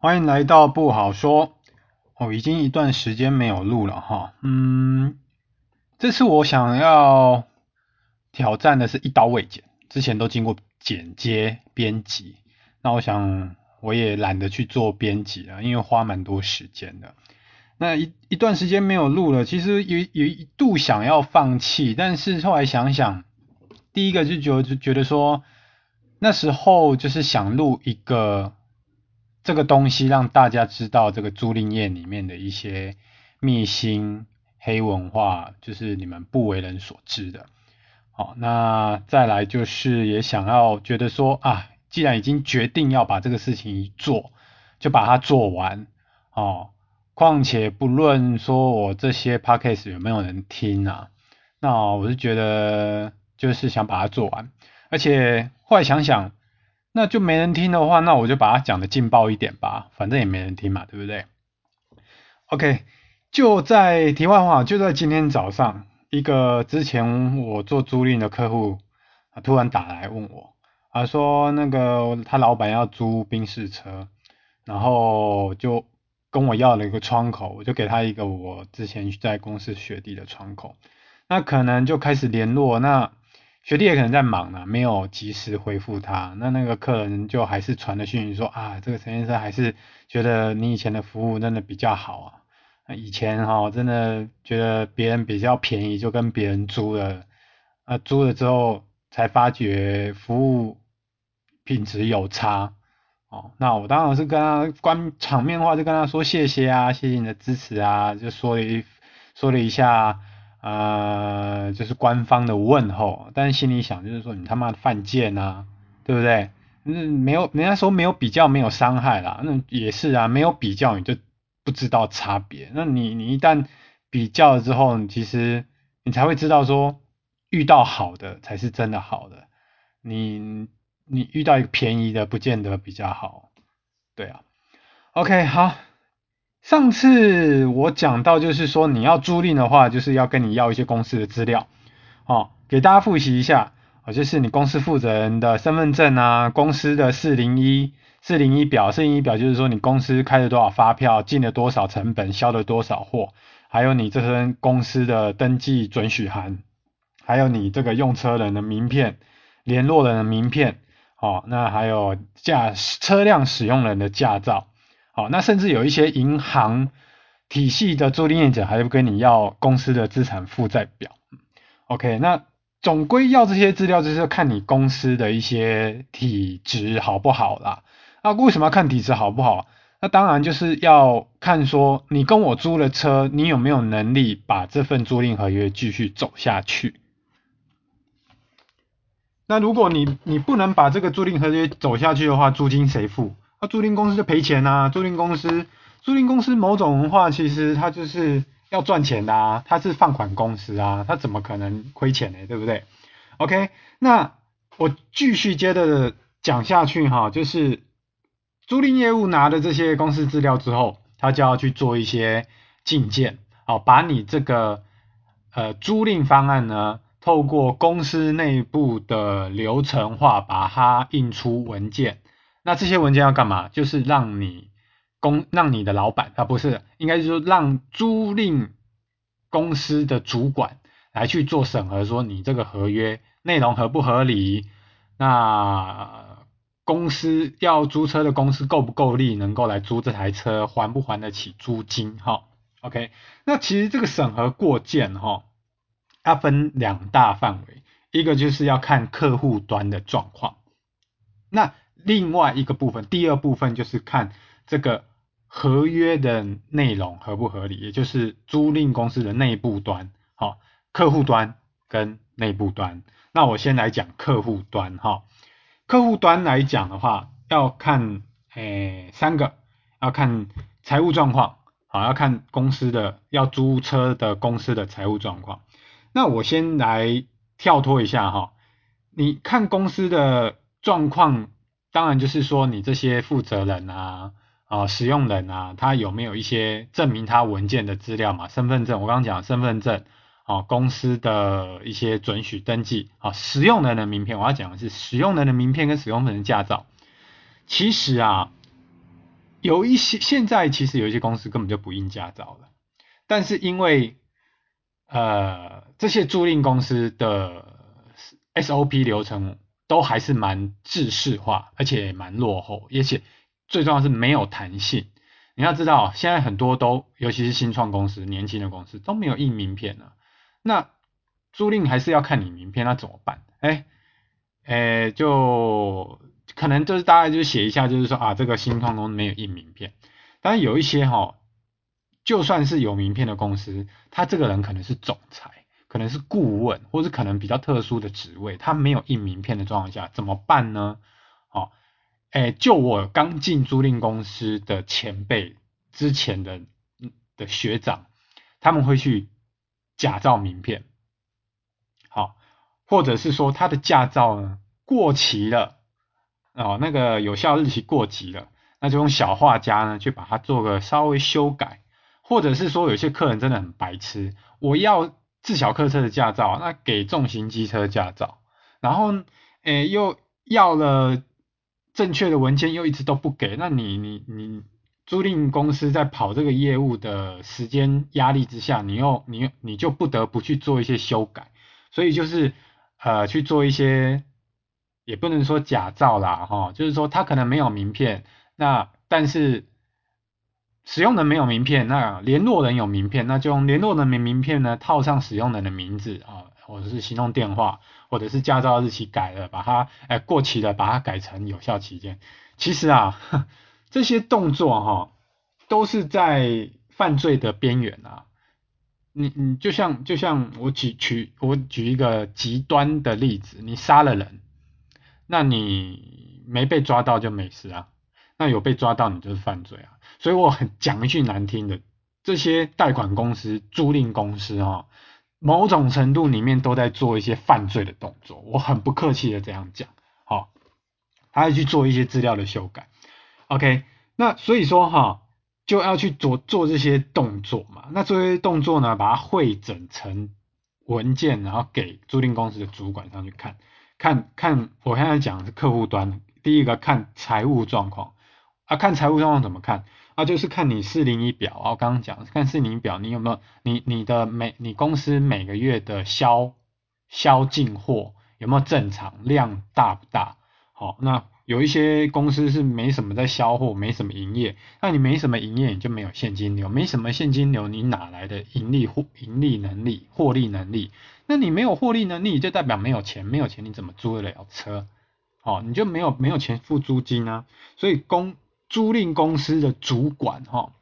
歡迎來到不好說哦，已經一段時間沒有錄了哈，嗯，這次我想要挑戰的是一刀未剪，之前都經過剪接編輯，那我想我也懶得去做編輯了，因為花蠻多時間的，那一一段時間沒有錄了，其實有有一,一度想要放棄，但是後來想想，第一個就覺得就覺得說那時候就是想錄一個。這個東西讓大家知道這個租賃業裡面的一些秘辛、黑文化，就是你們不為人所知的。好、哦，那再來就是也想要覺得說啊，既然已經決定要把這個事情一做，就把它做完。哦，況且不論說我這些 podcast 有沒有人聽啊，那、哦、我是覺得就是想把它做完。而且後來想想。那就沒人聽的話，那我就把它講的勁爆一點吧，反正也沒人聽嘛，對不對？OK，就在題外話，就在今天早上，一個之前我做租賃的客戶、啊，突然打來問我，啊說那個他老闆要租賓士車然後就跟我要了一個窗口，我就給他一個我之前在公司學弟的窗口，那可能就開始聯絡那。學弟也可能在忙了、啊，沒有及時回復他。那那個客人就還是傳了訊息說啊，這個陳先生還是覺得你以前的服務真的比較好啊。以前哈、哦，真的覺得別人比較便宜就跟別人租了，啊租了之後才發覺服務品質有差哦。那我當然是跟他關場面話，就跟他說謝謝啊，謝謝你的支持啊，就說了一說了一下。呃，就是官方的問候，但是心裡想就是說你他媽犯賤啊，對不對？嗯，沒有，人家說沒有比較沒有傷害啦，那也是啊，沒有比較你就不知道差別，那你你一旦比較了之後，你其實你才會知道說遇到好的才是真的好的，你你遇到一個便宜的不見得比較好，對啊，OK 好。上次我講到，就是說你要租賃的話，就是要跟你要一些公司的資料，哦，給大家複習一下，哦，就是你公司負責人的身份證啊，公司的四零一四零一表，四零一表就是說你公司開了多少發票，進了多少成本，銷了多少貨，還有你這份公司的登記准許函，還有你這個用車人的名片，聯絡人的名片，哦，那還有駕駛車輛使用人的駕照。好，哦，那甚至有一些銀行體系的租賃業者，還會跟你要公司的資產負債表。OK，那總歸要這些資料，就是要看你公司的一些體質好不好啦。那為什麼要看體質好不好？那當然就是要看說，你跟我租了車，你有沒有能力把這份租賃合約繼續走下去。那如果你你不能把這個租賃合約走下去的話，租金誰付？那、啊、租賃公司就賠錢啊，租賃公司，租賃公司某種文化，其實他就是要賺錢的啊，他是放款公司啊，他怎麼可能虧錢呢？對不對？OK，那我繼續接着講下去哈，就是租賃業務拿了這些公司資料之後，他就要去做一些進件。好、哦，把你這個呃租賃方案呢，透過公司內部的流程化，把它印出文件。那這些文件要幹嘛？就是讓你公，讓你的老闆，啊不是，應該是說，讓租賃公司的主管來去做審核，說你這個合約內容合不合理？那公司要租車的公司夠不夠力，能夠來租這台車，還不還得起租金？齁，OK，那其實這個審核過件齁，它分兩大範圍，一個就是要看客戶端的狀況，那。另外一個部分，第二部分就是看這個合約的內容合不合理，也就是租賃公司的內部端，哈，客戶端跟內部端。那我先來講客戶端哈，客戶端來講的話，要看，欸，三個，要看財務狀況，好，要看公司的要租車的公司的財務狀況。那我先來跳脫一下哈，你看公司的狀況。當然，就是說你這些負責人啊，啊、呃，使用人啊，他有沒有一些證明他文件的資料嘛？身份證，我剛剛講的身份證，啊、呃，公司的一些准許登記，啊、呃，使用人的名片，我要講的是使用人的名片跟使用人的駕照。其實啊，有一些現在其實有一些公司根本就不印駕照了，但是因為呃這些租賃公司的 SOP 流程。都還是蠻制式化，而且蠻落後，也且最重要的是沒有彈性。你要知道，現在很多都，尤其是新創公司、年輕的公司都沒有印名片了。那租賃還是要看你名片，那怎麼辦？哎，哎，就可能就是大概就寫一下，就是說啊，這個新創公司沒有印名片。當然有一些哈、哦，就算是有名片的公司，他這個人可能是總裁。可能是顧問，或是可能比較特殊的職位，他沒有印名片的狀況下怎麼辦呢？哦，哎、欸，就我剛進租賃公司的前輩，之前的的學長，他們會去假造名片，好、哦，或者是說他的駕照呢過期了，哦，那個有效日期過期了，那就用小畫家呢去把它做個稍微修改，或者是說有些客人真的很白痴，我要。四小客車的駕照，那給重型機車駕照，然後誒、欸、又要了正確的文件，又一直都不給，那你你你租賃公司在跑這個業務的時間壓力之下，你又你你就不得不去做一些修改，所以就是呃去做一些，也不能說假造啦哈，就是說他可能沒有名片，那但是。使用的人沒有名片，那聯絡人有名片，那就用聯絡人名名片呢套上使用的人的名字啊，或者是行動電話，或者是駕照日期改了，把它哎、欸、過期了把它改成有效期間。其實啊，這些動作哈、啊、都是在犯罪的邊緣啊。你你就像就像我舉舉我舉一個極端的例子，你殺了人，那你沒被抓到就沒事啊。那有被抓到，你就是犯罪啊！所以我很講一句難聽的，這些貸款公司、租賃公司啊，某種程度裡面都在做一些犯罪的動作。我很不客氣的這樣講，好，還要去做一些資料的修改。OK，那所以說哈，就要去做做這些動作嘛。那這些動作呢，把它匯整成文件，然後給租賃公司的主管上去看看看。我剛才講的是客戶端，第一個看財務狀況。啊，看財務狀況怎麼看？啊，就是看你四零一表啊。我剛剛講看四零一表，你有沒有你你的每你公司每個月的銷銷進貨有沒有正常，量大不大？好，那有一些公司是沒什麼在銷貨，沒什麼營業，那你沒什麼營業，你就沒有現金流，沒什麼現金流，你哪來的盈利獲盈利能力獲利能力？那你沒有獲利能力，就代表沒有錢，沒有錢你怎麼租得了車？好，你就沒有沒有錢付租金啊？所以公租賃公司的主管，哈，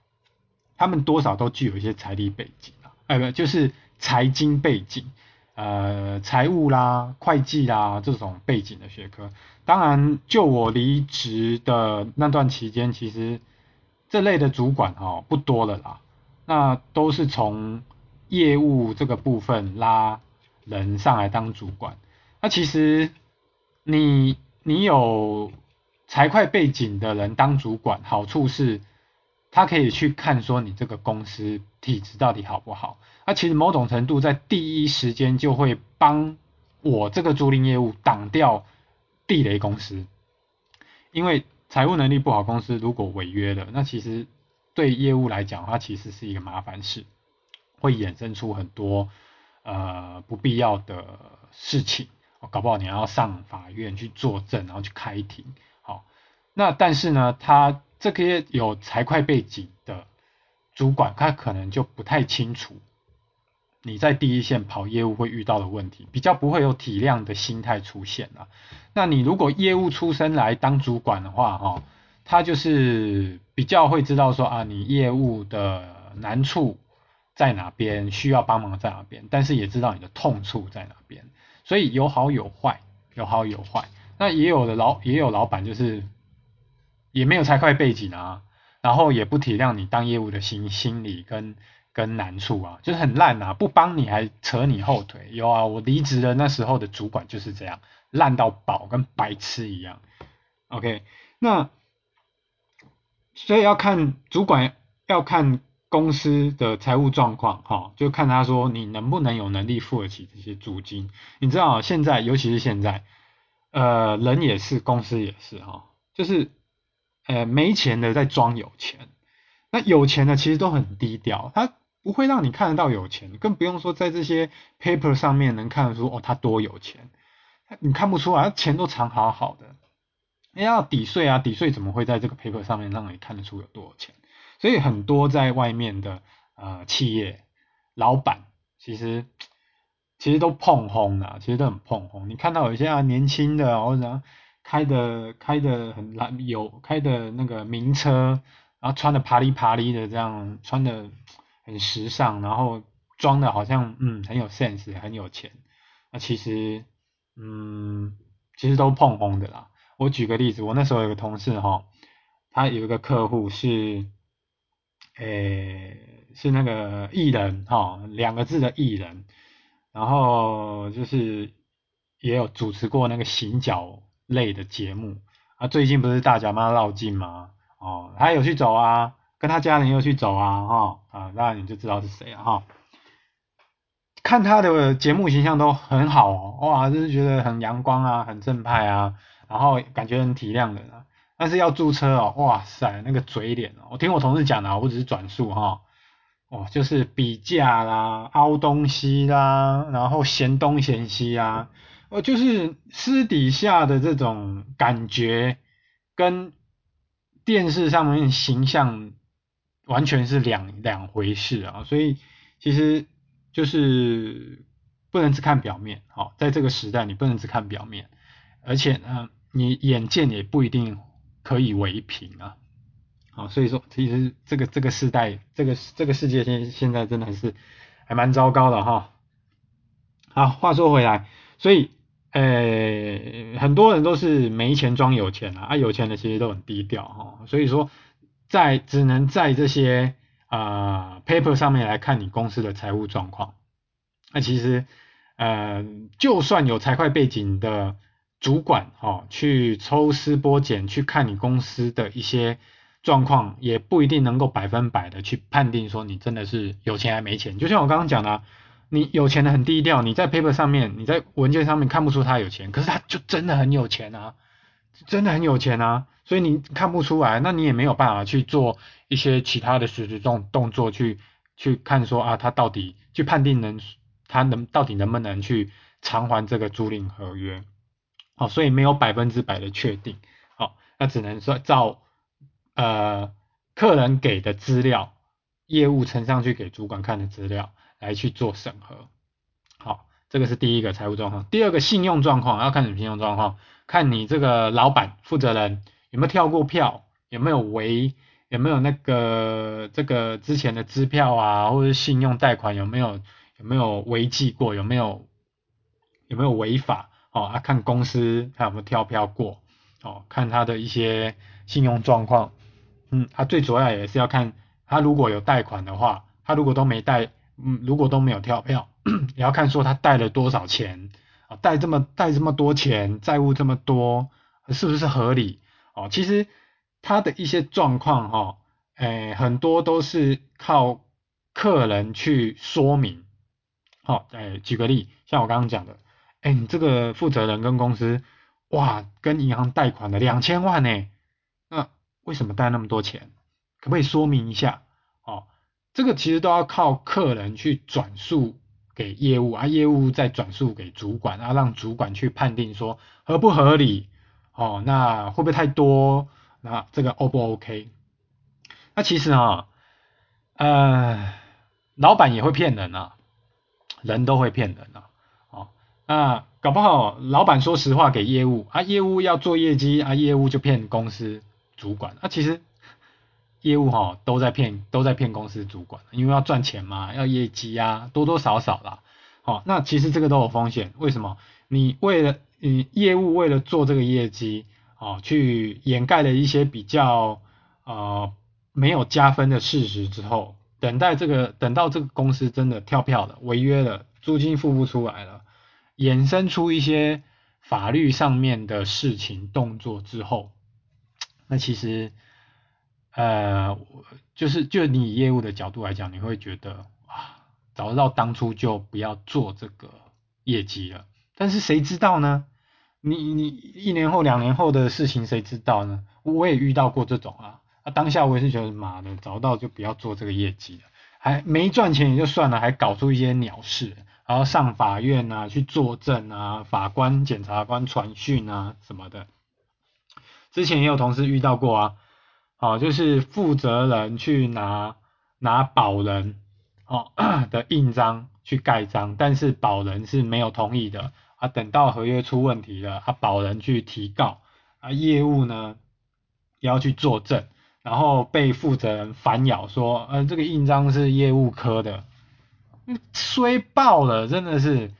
他們多少都具有一些財力背景啦，啊，哎，不是，就是財經背景，呃，財務啦、會計啦這種背景的學科。當然，就我離職的那段期間，其實這類的主管哦、喔，不多了啦，那都是從業務這個部分拉人上來當主管。那其實你你有。財會背景的人當主管，好處是，他可以去看說你這個公司體質到底好不好。那、啊、其實某種程度在第一時間就會幫我這個租賃業務擋掉地雷公司，因為財務能力不好公司如果違約了，那其實對業務來講它其實是一個麻煩事，會衍生出很多呃不必要的事情。搞不好你要上法院去作證，然後去開庭。好，那但是呢，他這些有財會背景的主管，他可能就不太清楚你在第一線跑業務會遇到的問題，比較不會有體諒的心態出現。那你如果業務出身來當主管的話，哦，他就是比較會知道說啊，你業務的難處在哪邊，需要幫忙在哪邊，但是也知道你的痛處在哪邊。所以有好有壞，有好有壞。那也有的老，也有老闆就是也沒有財會背景啊，然後也不體諒你當業務的心心理跟跟難處啊，就是很爛啊，不幫你還扯你後腿。有啊，我離職了那時候的主管就是這樣，爛到飽，跟白痴一樣。OK，那所以要看主管要看。公司的財務狀況，哈，就看他說你能不能有能力付得起這些租金。你知道現在，尤其是現在，呃，人也是，公司也是，哈，就是，呃，沒錢的在裝有錢，那有錢的其實都很低調，他不會讓你看得到有錢，更不用說在這些 paper 上面能看得出哦他多有錢，你看不出來，錢都藏好好的，你要抵稅啊，抵稅怎麼會在這個 paper 上面讓你看得出有多少錢？所以很多在外面的呃企業老闆，其實其實都碰紅了、啊，其實都很碰紅。你看到有些啊年輕的，或者開的開的很爛有開的那個名車，然後穿的啪哩啪哩的，這樣穿的很時尚，然後裝的好像嗯很有 sense，很有錢，那其實嗯其實都碰紅的啦。我舉個例子，我那時候有個同事哈、哦，他有一個客戶是。誒，是那個藝人哈、哦，兩個字的藝人，然後就是也有主持過那個行腳類的節目啊。最近不是大甲媽繞境嗎？哦，他有去走啊，跟他家人又去走啊，哈、哦、啊，那你就知道是誰了、啊、哈、哦。看他的節目形象都很好、哦、哇，就是覺得很陽光啊，很正派啊，然後感覺很體諒人啊。但是要租車哦，哇塞，那個嘴臉哦，我聽我同事講的，我只是轉述哈，哦，就是比價啦，凹東西啦，然後嫌東嫌西啊，哦，就是私底下的這種感覺跟電視上面形象完全是兩兩回事啊，所以其實就是不能只看表面，好，在這個時代你不能只看表面，而且呢，你眼見也不一定。可以為憑啊，好，所以說其實這個這個世代，這個這個世界現現在真的是還蠻糟糕的哈。好，話說回來，所以誒、呃，很多人都是沒錢裝有錢啊，啊，有錢的其實都很低調哈。所以說，在只能在這些啊、呃、paper 上面來看你公司的財務狀況、啊。那其實，呃，就算有財會背景的。主管哦，去抽絲剝繭，去看你公司的一些狀況，也不一定能夠百分百的去判定說你真的是有錢還沒錢。就像我剛剛講的啊，你有錢的很低調，你在 paper 上面，你在文件上面看不出他有錢，可是他就真的很有錢啊，真的很有錢啊，所以你看不出來，那你也沒有辦法去做一些其他的實質動動作去去看說啊，他到底去判定能他能到底能不能去償還這個租賃合約。好，所以沒有百分之百的確定。好，那只能說照呃客人給的資料，業務呈上去給主管看的資料來去做審核。好，這個是第一個財務狀況。第二個信用狀況，要看你信用狀況，看你這個老闆負責人有沒有跳過票，有沒有違，有沒有那個這個之前的支票啊，或者信用貸款有沒有有沒有違紀過，有沒有有沒有違法。哦，他、啊、看公司看有沒有跳票過，哦，看他的一些信用狀況，嗯，他、啊、最主要也是要看他如果有貸款的話，他如果都沒貸，嗯，如果都沒有跳票，也要看說他貸了多少錢，啊、哦，貸這麼貸這麼多錢，債務這麼多，是不是合理？哦，其實他的一些狀況，哈、哦，哎、欸，很多都是靠客人去說明，好、哦，哎、欸，舉個例，像我剛剛講的。哎、欸，你這個負責人跟公司哇，跟銀行貸款的兩千萬呢、欸，那為什麼貸那麼多錢？可不可以說明一下？哦，這個其實都要靠客人去轉述給業務啊，業務再轉述給主管啊，讓主管去判定說合不合理哦，那會不會太多？那這個 O 不 OK？那其實啊，呃，老板也會騙人啊，人都會騙人啊。啊，搞不好老闆說實話給業務啊，業務要做業績啊，業務就騙公司主管啊。其實業務哈都在騙，都在騙公司主管，因為要賺錢嘛，要業績啊，多多少少啦。好，啊，那其實這個都有風險，為什麼？你為了你業務為了做這個業績，啊，去掩蓋了一些比較呃沒有加分的事實之後，等待這個等到這個公司真的跳票了，違約了，租金付不出來了。衍生出一些法律上面的事情動作之後，那其實呃，就是就你業務的角度來講，你會覺得啊，早知道當初就不要做這個業績了。但是誰知道呢？你你一年後兩年後的事情誰知道呢？我也遇到過這種啊，啊當下我也是覺得媽的，早知道就不要做這個業績了，還沒賺錢也就算了，還搞出一些鳥事。然後上法院啊，去作證啊，法官、檢察官傳訊啊什麼的。之前也有同事遇到過啊，哦、啊、就是負責人去拿拿保人哦、啊、的印章去蓋章，但是保人是沒有同意的啊。等到合約出問題了，啊，保人去提告，啊，業務呢也要去作證，然後被負責人反咬說，嗯、啊、這個印章是業務科的。衰爆了，真的是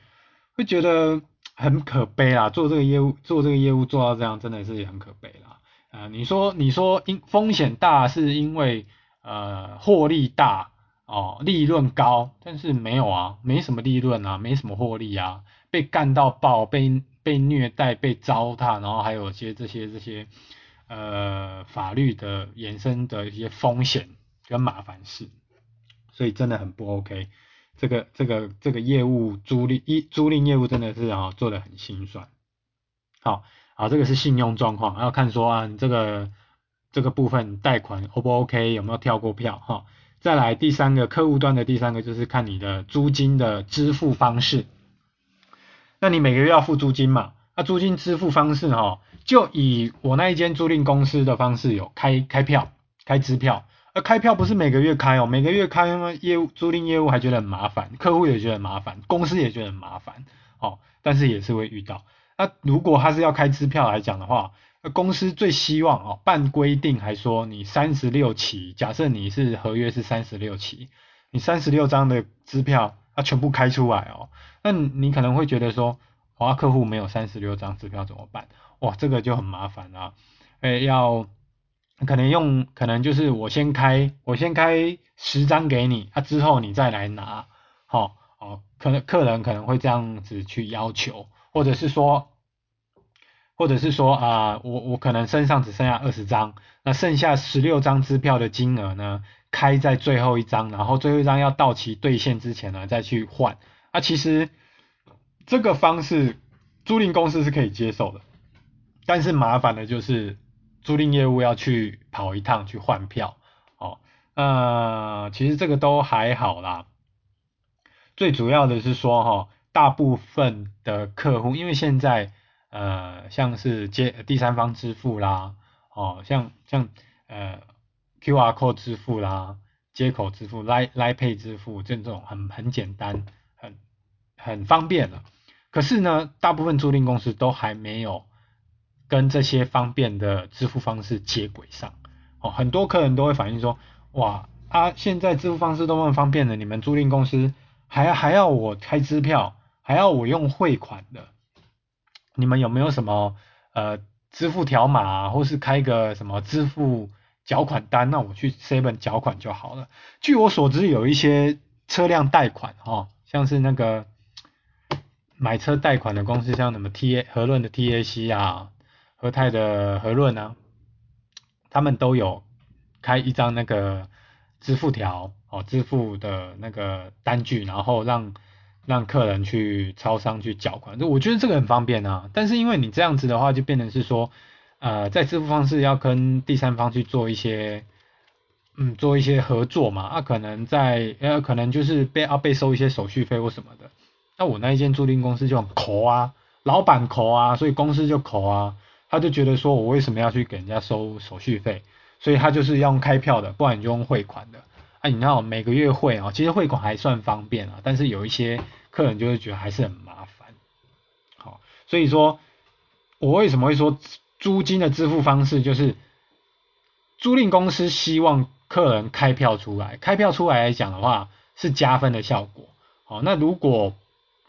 會覺得很可悲啊！做這個業務，做這個業務做到這樣，真的是很可悲啦。啊、呃，你說你說因風險大是因為呃獲利大哦，利潤高，但是沒有啊，沒什麼利潤啊，沒什麼獲利啊，被幹到爆，被被虐待，被糟蹋，然後還有一些這些這些呃法律的衍生的一些風險跟麻煩事，所以真的很不 OK。這個這個這個業務租賃一租賃業務真的是啊做的很心酸，好啊這個是信用狀況，要看說啊你這個這個部分貸款 O 不 OK 有沒有跳過票哈，再來第三個客戶端的第三個就是看你的租金的支付方式，那你每個月要付租金嘛，那租金支付方式哈就以我那一間租賃公司的方式有開開票開支票。那開票不是每個月開哦，每個月開嘛業務租賃業務還覺得很麻煩，客戶也覺得很麻煩，公司也覺得很麻煩，哦，但是也是會遇到。那、啊、如果他是要開支票來講的話，那公司最希望哦，按規定還說你三十六期，假設你是合約是三十六期，你三十六張的支票啊全部開出來哦，那你可能會覺得說，哇、哦，啊、客戶沒有三十六張支票怎麼辦？哇，這個就很麻煩啦、啊。哎要。可能用，可能就是我先開，我先開十張給你，啊之後你再來拿，好，哦，可能客人可能會這樣子去要求，或者是說，或者是說啊、呃，我我可能身上只剩下二十張，那剩下十六張支票的金額呢，開在最後一張，然後最後一張要到期兌現之前呢再去換，啊其實這個方式，租賃公司是可以接受的，但是麻煩的就是。租賃業務要去跑一趟去換票，哦，呃，其實這個都還好啦。最主要的是說哈、哦，大部分的客戶因為現在呃像是接第三方支付啦，哦像像呃 QR Code 支付啦、接口支付、Line Pay 支付這種很很簡單、很很方便了。可是呢，大部分租賃公司都還沒有。跟這些方便的支付方式接軌上，哦，很多客人都會反映說，哇，啊，現在支付方式都那麼方便的，你們租賃公司還還要我開支票，還要我用匯款的，你們有沒有什麼呃支付條碼、啊，或是開個什麼支付繳款單，那我去 Seven 繳款就好了。據我所知，有一些車輛貸款哈、哦，像是那個買車貸款的公司，像什麼 TA 和潤的 TAC 啊。和泰的和潤呢，他們都有開一張那個支付條哦，支付的那個單據，然後讓讓客人去超商去繳款。我覺得這個很方便啊，但是因為你這樣子的話，就變成是說，呃，在支付方式要跟第三方去做一些，嗯，做一些合作嘛，啊，可能在呃，可能就是被要、啊、被收一些手續費或什麼的。那、啊、我那一間租賃公司就很摳啊，老板摳啊，所以公司就摳啊。他就覺得說，我為什麼要去給人家收手續費？所以他就是要用開票的，不然你就用匯款的。哎、啊，你看我每個月匯啊，其實匯款還算方便啊，但是有一些客人就會覺得還是很麻煩。好，所以說我為什麼會說租金的支付方式就是，租賃公司希望客人開票出來，開票出來來講的話是加分的效果。好，那如果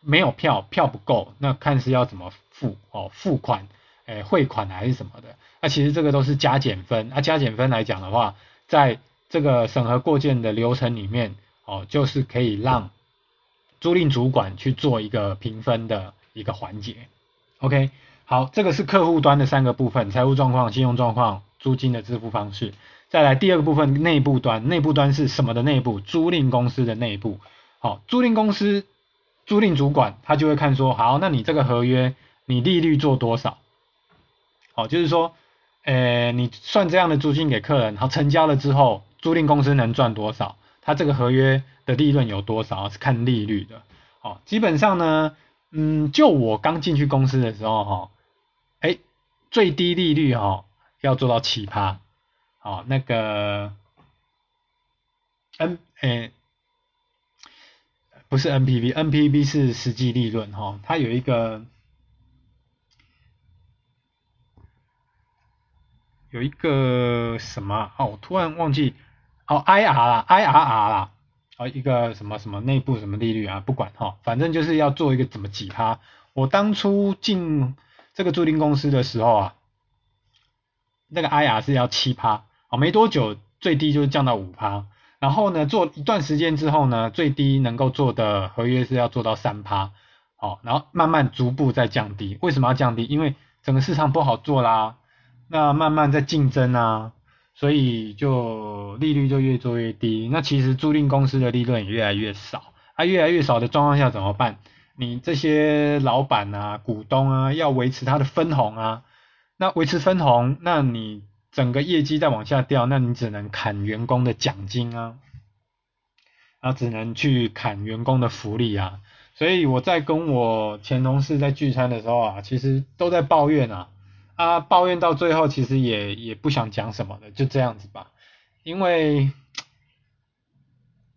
沒有票，票不夠，那看是要怎麼付哦，付款。哎，匯款還是什麼的？那，啊，其實這個都是加減分。啊，加減分來講的話，在這個審核過件的流程裡面，哦，就是可以讓租賃主管去做一個評分的一個環節。OK，好，這個是客戶端的三個部分：財務狀況、信用狀況、租金的支付方式。再來第二個部分，內部端，內部端是什麼的內部？租賃公司的內部。好，哦，租賃公司租賃主管他就會看說，好，那你這個合約，你利率做多少？哦，就是說，誒，你算這樣的租金給客人，然後成交了之後，租賃公司能賺多少？他這個合約的利潤有多少？是看利率的。哦，基本上呢，嗯，就我剛進去公司的時候，哈、哦，哎，最低利率哈、哦、要做到七趴哦，那個 N 不是 NPV，NPV 是實際利潤哈、哦，它有一個。有一個什麼哦，我突然忘記哦，I R 啦，I R R 啦，哦，一個什麼什麼內部什麼利率啊，不管哈、哦，反正就是要做一個怎麼幾趴。我當初進這個租賃公司的時候啊，那個 I R 是要七趴，啊、哦、沒多久最低就是降到五趴，然後呢做一段時間之後呢，最低能夠做的合約是要做到三趴，哦，然後慢慢逐步在降低。為什麼要降低？因為整個市場不好做啦。那慢慢在競爭啊，所以就利率就越做越低，那其實租賃公司的利潤也越來越少啊，越來越少的狀況下怎麼辦？你這些老闆啊、股東啊，要維持他的分紅啊，那維持分紅，那你整個業績再往下掉，那你只能砍員工的獎金啊，啊，只能去砍員工的福利啊，所以我在跟我前同事在聚餐的時候啊，其實都在抱怨啊。啊，抱怨到最後其實也也不想講什麼了，就這樣子吧。因為，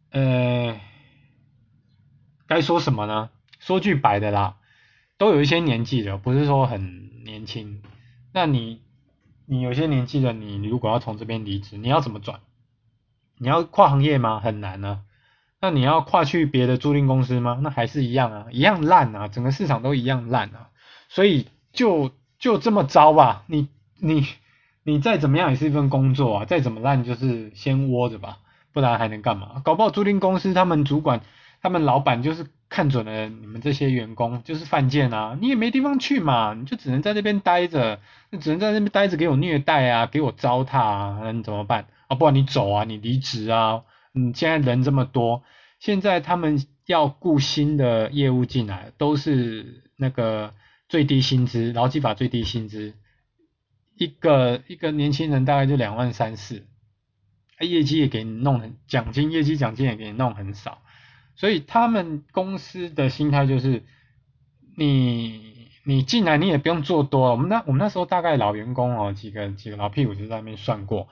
呃，該說什麼呢？說句白的啦，都有一些年紀的，不是說很年輕。那你，你有些年紀的，你如果要從這邊離職，你要怎麼轉？你要跨行業嗎？很難呢。那你要跨去別的租賃公司嗎？那還是一樣啊，一樣爛啊，整個市場都一樣爛啊。所以就。就這麼着吧，你你你再怎麼樣也是一份工作啊，再怎麼爛就是先窩着吧，不然還能幹嘛？搞不好租賃公司他們主管、他們老板就是看準了你們這些員工就是犯賤啊，你也沒地方去嘛，你就只能在那邊待着，你只能在那邊待着給我虐待啊，給我糟蹋啊，那你怎麼辦啊？不然你走啊，你離職啊，你、嗯、現在人這麼多，現在他們要雇新的業務進來，都是那個。最低薪資，勞基法最低薪資，一個一個年輕人大概就兩萬三四，他、欸、業績也給你弄很，獎金業績獎金也給你弄很少，所以他們公司的心態就是，你你進來你也不用做多，我們那我們那時候大概老員工哦，幾個幾個老屁股就在那邊算過，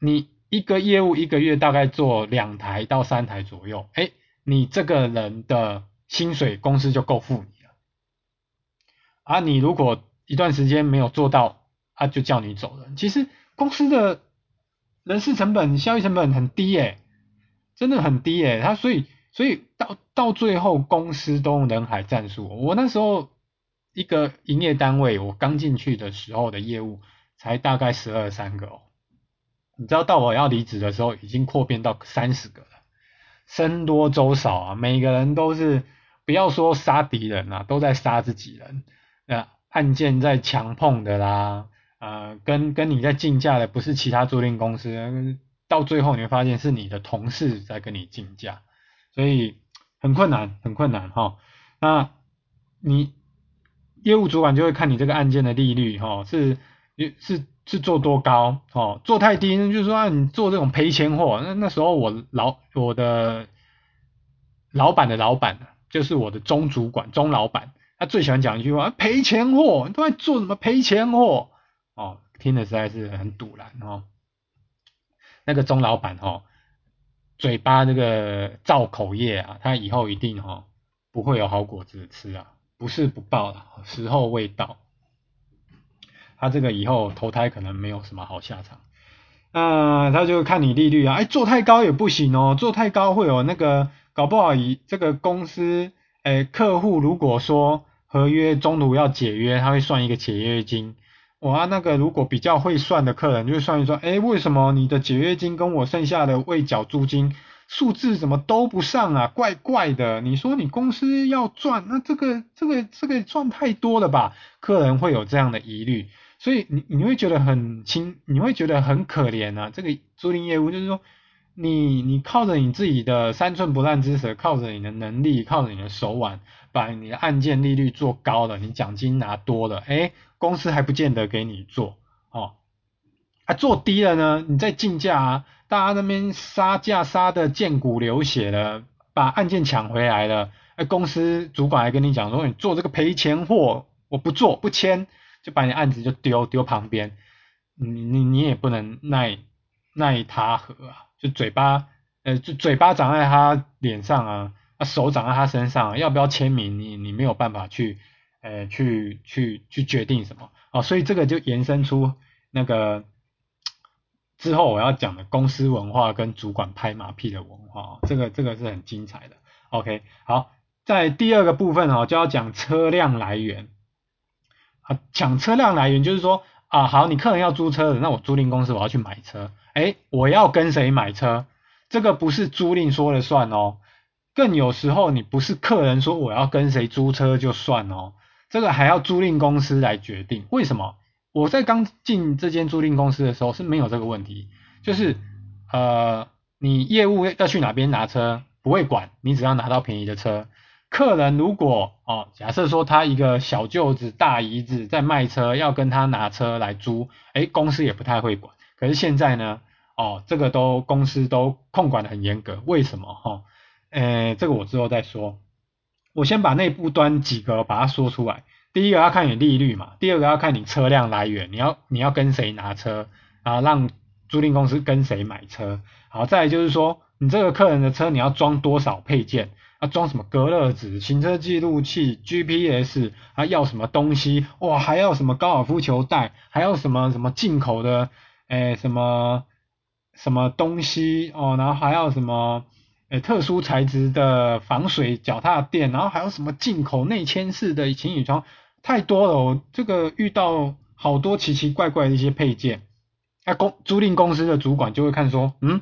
你一個業務一個月大概做兩台到三台左右，哎、欸，你這個人的薪水公司就夠付。啊，你如果一段時間沒有做到，他、啊、就叫你走了。其實公司的人事成本、效益成本很低誒、欸，真的很低誒、欸。他、啊、所以所以到到最後，公司都人海戰術。我那時候一個營業單位，我剛進去的時候的業務才大概十二三個哦。你知道到我要離職的時候，已經擴編到三十個了。僧多粥少啊，每個人都是不要說殺敵人啊，都在殺自己人。那、啊、案件在強碰的啦，呃，跟跟你在競價的不是其他租賃公司，到最後，你會發現是你的同事在跟你競價，所以很困難，很困難哈、哦。那你業務主管就會看你這個案件的利率哈、哦，是是是做多高、哦、做太低就是、說啊，你做這種賠錢貨。那那時候我老我的老闆的老闆就是我的中主管中老闆。他最喜歡講一句話，賠錢貨，你都在做什麼賠錢貨？哦，聽的實在是很堵爛哦。那個鍾老闆哦，嘴巴這個造口業啊，他以後一定哦不會有好果子吃啊，不是不報，時候未到。他這個以後投胎可能沒有什麼好下場。啊、呃，他就看你利率啊，哎、做太高也不行哦，做太高會有那個搞不好一這個公司。誒，客戶如果說合約中途要解約，他會算一個解約金。我啊那個如果比較會算的客人，就會算一算，誒，為什麼你的解約金跟我剩下的未繳租金數字怎麼都不上啊？怪怪的。你說你公司要賺，那這個這個這個賺太多了吧？客人會有這樣的疑慮，所以你你會覺得很輕，你會覺得很可憐啊。這個租賃業務就是說。你你靠着你自己的三寸不爛之舌，靠着你的能力，靠着你的手腕，把你的案件利率做高了，你獎金拿多了，哎，公司還不見得給你做哦。啊，做低了呢，你再競價、啊，大家那邊殺價殺的見骨流血了，把案件搶回來了，哎、啊，公司主管還跟你講說，說你做這個賠錢貨，我不做不簽，就把你案子就丟丟旁邊，你你你也不能奈奈他何啊。就嘴巴，呃，就嘴巴長在他臉上啊，手長在他身上啊，要不要簽名你？你你沒有辦法去，呃，去去去決定什麼啊，所以這個就延伸出那個之後我要講的公司文化跟主管拍馬屁的文化哦，這個這個是很精彩的。OK，好，在第二個部分啊，哦，就要講車輛來源啊，講車輛來源就是說啊，好，你客人要租車的，那我租賃公司我要去買車。哎，我要跟誰買車？這個不是租賃說了算哦。更有時候你不是客人說我要跟誰租車就算哦，這個還要租賃公司來決定。為什麼？我在剛進這間租賃公司的時候是沒有這個問題，就是呃，你業務要去哪邊拿車不會管，你只要拿到便宜的車。客人如果哦，假設說他一個小舅子大姨子在賣車，要跟他拿車來租，哎，公司也不太會管。可是現在呢，哦，這個都公司都控管得很嚴格，為什麼哈、哦？呃，這個我之後再說，我先把內部端幾個把它說出來。第一個要看你利率嘛，第二個要看你車輛來源，你要你要跟誰拿車，然、啊、後讓租賃公司跟誰買車。好，再來就是說你這個客人的車你要裝多少配件，要、啊、裝什麼隔熱紙、行車記錄器、GPS，還、啊、要什麼東西哇？還要什麼高爾夫球袋，還要什麼什麼進口的。哎，什麼什麼東西哦？然後還要什麼，哎，特殊材質的防水腳踏墊，然後還有什麼進口內嵌式的情侶床，太多了哦。這個遇到好多奇奇怪怪的一些配件。啊，公租賃公司的主管就會看說，嗯，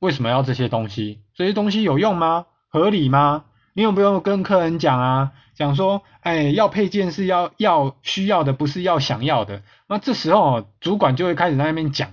為什麼要這些東西？這些東西有用嗎？合理嗎？你有沒有跟客人講啊？講說，哎，要配件是要要需要的，不是要想要的。那這時候，主管就會開始在那邊講，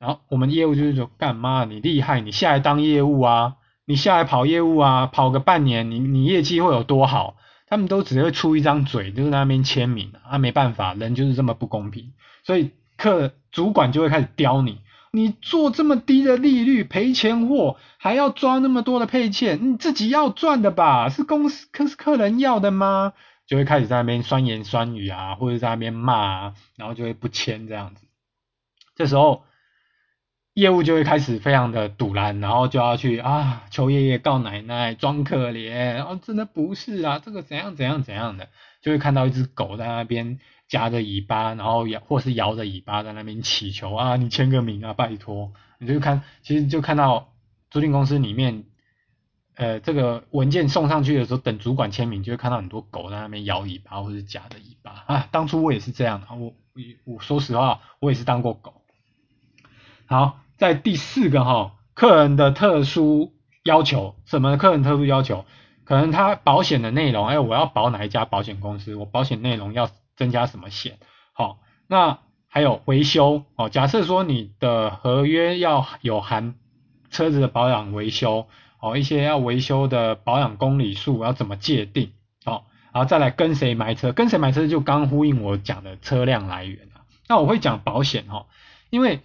然後我們業務就是說，幹嘛，你厲害，你下來當業務啊，你下來跑業務啊，跑個半年，你你業績會有多好？他們都只會出一張嘴，就是在那邊簽名，啊，沒辦法，人就是這麼不公平，所以客主管就會開始刁你。你做這麼低的利率，賠錢貨，還要裝那麼多的配件，你自己要賺的吧？是公司客是客人要的嗎？就會開始在那邊酸言酸語啊，或者在那邊罵啊，然後就會不簽，這樣子。這時候業務就會開始非常的賭爛，然後就要去啊求爺爺告奶奶裝可憐啊、哦，真的不是啊，這個怎樣怎樣怎樣的，就會看到一隻狗在那邊。夾着尾巴，然後搖，或是搖着尾巴在那邊祈求啊！你簽個名啊，拜託！你就看，其實就看到租賃公司裡面，呃，這個文件送上去的時候，等主管簽名，就會看到很多狗在那邊搖尾巴，或是夾著尾巴啊！當初我也是這樣，我我我說實話，我也是當過狗。好，在第四個哈，客人的特殊要求，什麼客人特殊要求？可能他保險的內容，哎，我要保哪一家保險公司？我保險內容要。增加什麼險？好，那還有維修哦。假設說你的合約要有含車子的保養維修，哦，一些要維修的保養公里數要怎麼界定？哦，然後再來跟誰買車？跟誰買車就剛呼應我講的車輛來源。那我會講保險哦，因為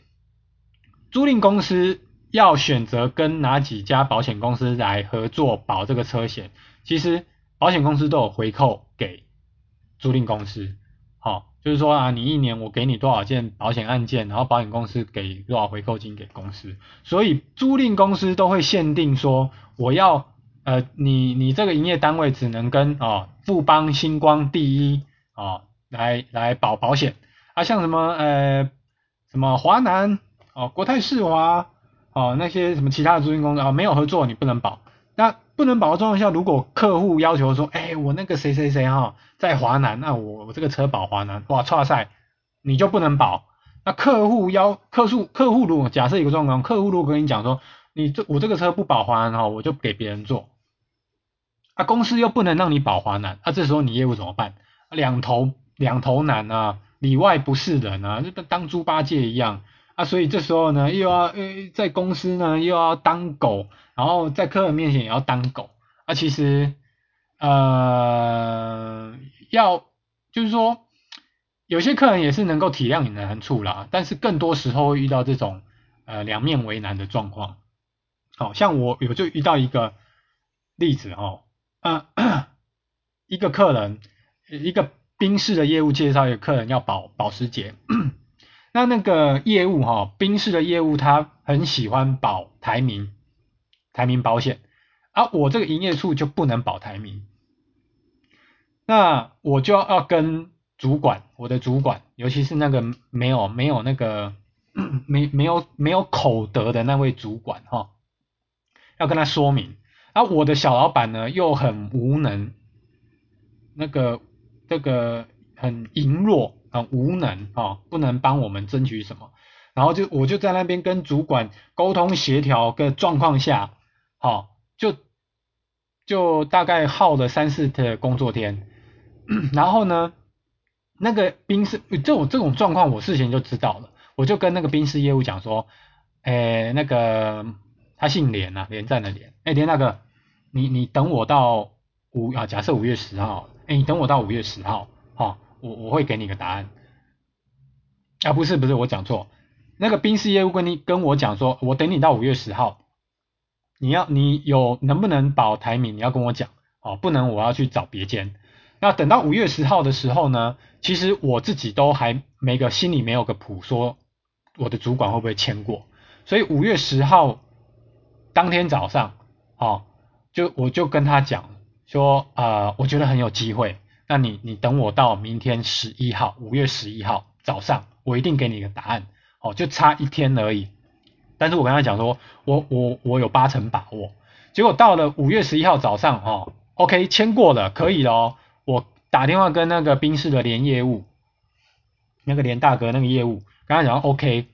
租賃公司要選擇跟哪幾家保險公司來合作保這個車險，其實保險公司都有回扣給租賃公司。好、哦，就是說啊，你一年我給你多少件保險案件，然後保險公司給多少回扣金給公司，所以租賃公司都會限定說，我要呃你你這個營業單位只能跟啊、哦、富邦、星光、第一啊、哦、來來保保險啊，像什麼呃什麼華南哦、國泰世華哦那些什麼其他的租賃公司啊、哦、沒有合作你不能保。那不能保的狀況下，如果客戶要求說，哎、欸，我那個誰誰誰哈、哦，在華南，那我我這個車保華南，哇，剉賽，你就不能保。那客戶要客戶客戶如果假設一個狀況，客戶如果跟你講說，你這我這個車不保華南、哦、我就給別人做，啊，公司又不能讓你保華南，那、啊、這時候你業務怎麼辦？兩頭兩頭難啊，裡外不是人啊，就跟當豬八戒一樣。啊，所以這時候呢，又要在公司呢，又要當狗，然後在客人面前也要當狗啊。其實，呃，要就是說，有些客人也是能夠體諒你的難處啦，但是更多時候會遇到這種呃兩面為難的狀況。好，哦，像我我就遇到一個例子哈，哦呃，一個客人，一個賓士的業務介紹，有客人要保保時捷。那那個業務哈、哦，賓士的業務他很喜歡保台名，台名保險，而、啊、我這個營業處就不能保台名。那我就要要跟主管，我的主管，尤其是那個沒有沒有那個沒沒有沒有口德的那位主管哈、哦，要跟他說明，而、啊、我的小老板呢又很無能，那個這個很羸弱。很、嗯、無能啊、哦，不能幫我們爭取什麼，然後就我就在那邊跟主管溝通協調個狀況下，好、哦、就就大概耗了三四天的工作天。 然後呢，那個賓士這種這種狀況我事先就知道了，我就跟那個賓士業務講說，哎、欸、那個他姓連吶、啊，連戰的連，哎、欸、連大哥，你你等我到五啊，假設五月十號，哎、欸、你等我到五月十號，好、哦。我我會給你個答案，啊不是不是我講錯，那個賓士業務跟你跟我講說，我等你到五月十號，你要你有能不能保台名，你要跟我講，哦，不能我要去找別間。那等到五月十號的時候呢，其實我自己都還沒個心裡沒有個譜，說我的主管會不會簽過，所以五月十號當天早上，哦就我就跟他講說，呃我覺得很有機會。那你你等我到明天十一號，五月十一號早上，我一定給你一個答案，哦，就差一天而已。但是我剛才講說，我我我有八成把握。結果到了五月十一號早上，哦，OK，簽過了，可以哦。我打電話跟那個賓士的連業務，那個連大哥那個業務，剛才講 OK，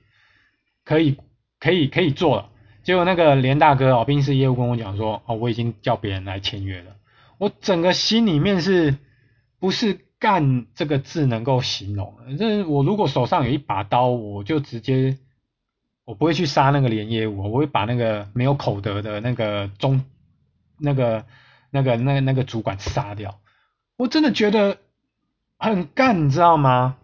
可以可以可以做了。結果那個連大哥哦，賓士業務跟我講說，哦，我已經叫別人來簽約了。我整個心裡面是。不是“幹”這個字能夠形容。反正我如果手上有一把刀，我就直接，我不會去殺那個連業務，我會把那個沒有口德的那個中那個那個那個那個主管殺掉。我真的覺得很幹，你知道嗎？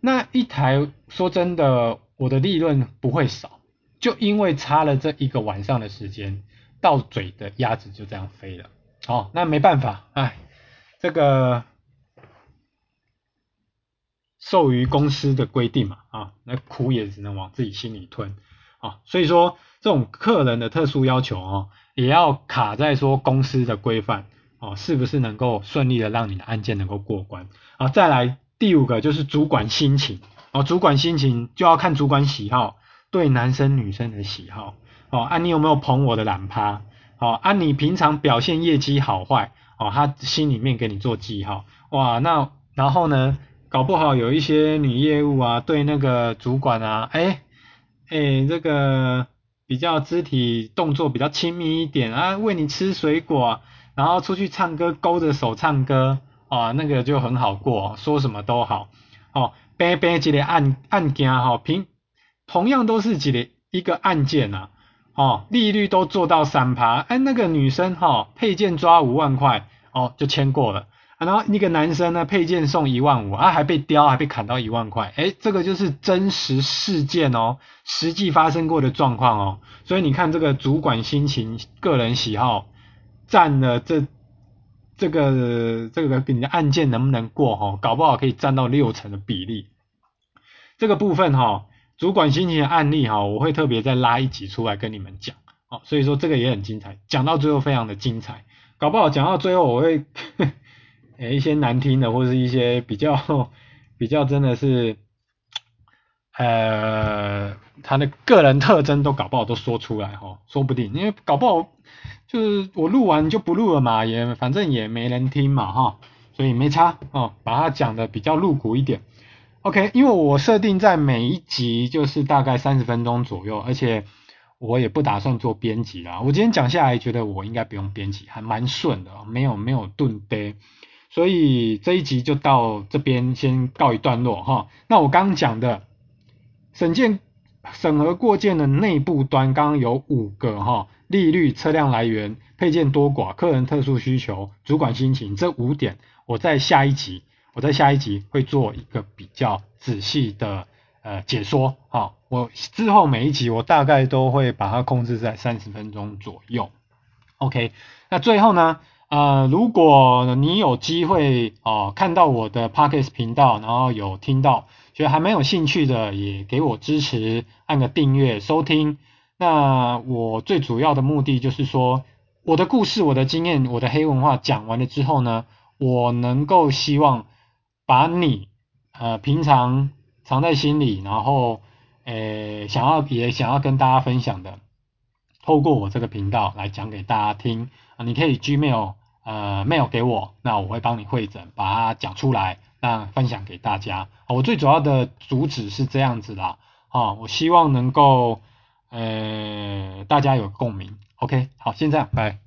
那一台說真的，我的利潤不會少，就因為差了這一個晚上的時間，到嘴的鴨子就這樣飛了。哦，那沒辦法，哎，這個。受於公司的規定嘛，啊，那苦也只能往自己心裡吞，啊，所以說這種客人的特殊要求哦、啊，也要卡在說公司的規範哦、啊，是不是能夠順利的讓你的案件能夠過關？啊，再來第五個就是主管心情，啊，主管心情就要看主管喜好，對男生女生的喜好，哦、啊，你有沒有捧我的懶趴，哦、啊，按、啊、你平常表現業績好壞，哦、啊，他心裡面給你做記號，哇，那然後呢？搞不好有一些女業務啊，對那個主管啊，哎哎，這個比較肢體動作比較親密一點啊，餵你吃水果，然後出去唱歌，勾着手唱歌啊，那個就很好過，說什麼都好，哦，平平一個案、案件，好平、哦，同樣都是幾個一個案件啊，哦，利率都做到三趴，哎、啊、那個女生哈、哦，配件抓五萬塊，哦就簽過了。然後一個男生呢，配件送一萬五，啊還被刁，還被砍到一萬塊，誒這個就是真實事件哦，實際發生過的狀況哦，所以你看這個主管心情、個人喜好，占了這這個這個你的案件能不能過哈、哦，搞不好可以占到六成的比例，這個部分哈、哦，主管心情的案例哈、哦，我會特別再拉一集出來跟你們講，哦，所以說這個也很精彩，講到最後非常的精彩，搞不好講到最後我會。呵呵一些難聽的，或者是一些比較比較真的是，呃，他的個人特徵都搞不好都說出來哈，說不定，因為搞不好就是我錄完就不錄了嘛，也反正也沒人聽嘛哈，所以沒差哦，把它講的比較露骨一點。OK，因為我設定在每一集就是大概三十分鐘左右，而且我也不打算做編輯啦。我今天講下來覺得我應該不用編輯，還蠻順的，沒有沒有頓跌。所以這一集就到這邊先告一段落齁。那我剛講的審件、審核過件的內部端，剛剛有五個齁：利率、車輛來源、配件多寡、客人特殊需求、主管心情這五點，我在下一集，我在下一集會做一個比較仔細的呃解說齁。我之後每一集我大概都會把它控制在三十分鐘左右，OK？那最後呢？呃，如果你有機會哦、呃、看到我的 podcast 頻道，然後有聽到覺得還蠻有興趣的，也給我支持，按個訂閱收聽。那我最主要的目的就是說，我的故事、我的經驗、我的黑文化講完了之後呢，我能夠希望把你呃平常藏在心裡，然後誒、呃、想要也想要跟大家分享的，透過我這個頻道來講給大家聽啊、呃，你可以 Gmail。呃，Mail 給我，那我會幫你會診，把它講出來，那分享給大家、哦。我最主要的主旨是這樣子啦，哦，我希望能夠呃大家有共鳴。OK，好，先這樣，拜。